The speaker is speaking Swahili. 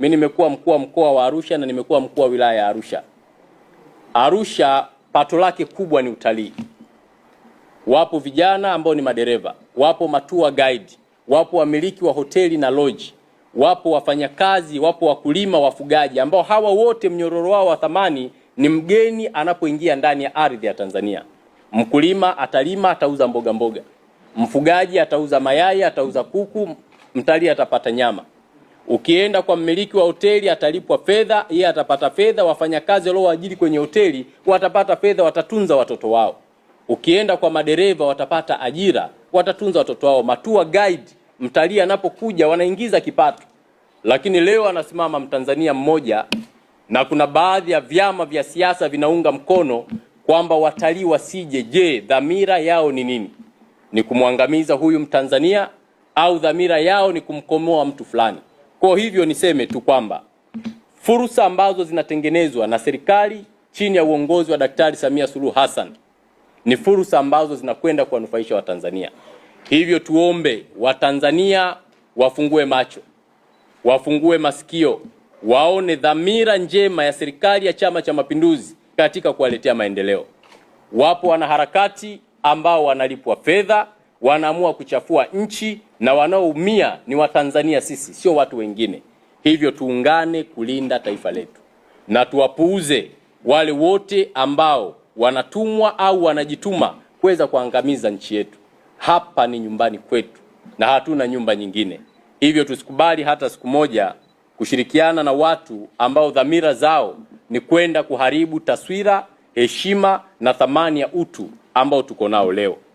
Mimi nimekuwa mkuu wa mkoa wa Arusha na nimekuwa mkuu wa wilaya ya Arusha. Arusha pato lake kubwa ni utalii. Wapo vijana ambao ni madereva, wapo matua guide, wapo wamiliki wa hoteli na lodge, wapo wafanyakazi, wapo wakulima, wafugaji ambao hawa wote mnyororo wao wa thamani ni mgeni anapoingia ndani ya ardhi ya Tanzania. Mkulima atalima, atauza mboga mboga, mfugaji atauza mayai, atauza kuku, mtalii atapata nyama. Ukienda kwa mmiliki wa hoteli atalipwa fedha, yeye atapata fedha, wafanyakazi waliowaajiri kwenye hoteli watapata fedha, watatunza watoto wao. Ukienda kwa madereva watapata ajira, watatunza watoto wao. Matua guide, mtalii anapokuja wanaingiza kipato. Lakini leo anasimama Mtanzania mmoja, na kuna baadhi ya vyama vya siasa vinaunga mkono kwamba watalii wasije. Je, dhamira yao ni nini? Ni kumwangamiza huyu Mtanzania au dhamira yao ni kumkomoa mtu fulani? Kwa hivyo niseme tu kwamba fursa ambazo zinatengenezwa na serikali chini ya uongozi wa Daktari Samia Suluhu Hassan ni fursa ambazo zinakwenda kuwanufaisha Watanzania. Hivyo tuombe Watanzania wafungue macho, wafungue masikio, waone dhamira njema ya serikali ya Chama cha Mapinduzi katika kuwaletea maendeleo. Wapo wanaharakati ambao wanalipwa fedha wanaamua kuchafua nchi na wanaoumia ni Watanzania sisi, sio watu wengine. Hivyo tuungane kulinda taifa letu na tuwapuuze wale wote ambao wanatumwa au wanajituma kuweza kuangamiza nchi yetu. Hapa ni nyumbani kwetu na hatuna nyumba nyingine, hivyo tusikubali hata siku moja kushirikiana na watu ambao dhamira zao ni kwenda kuharibu taswira, heshima na thamani ya utu ambao tuko nao leo.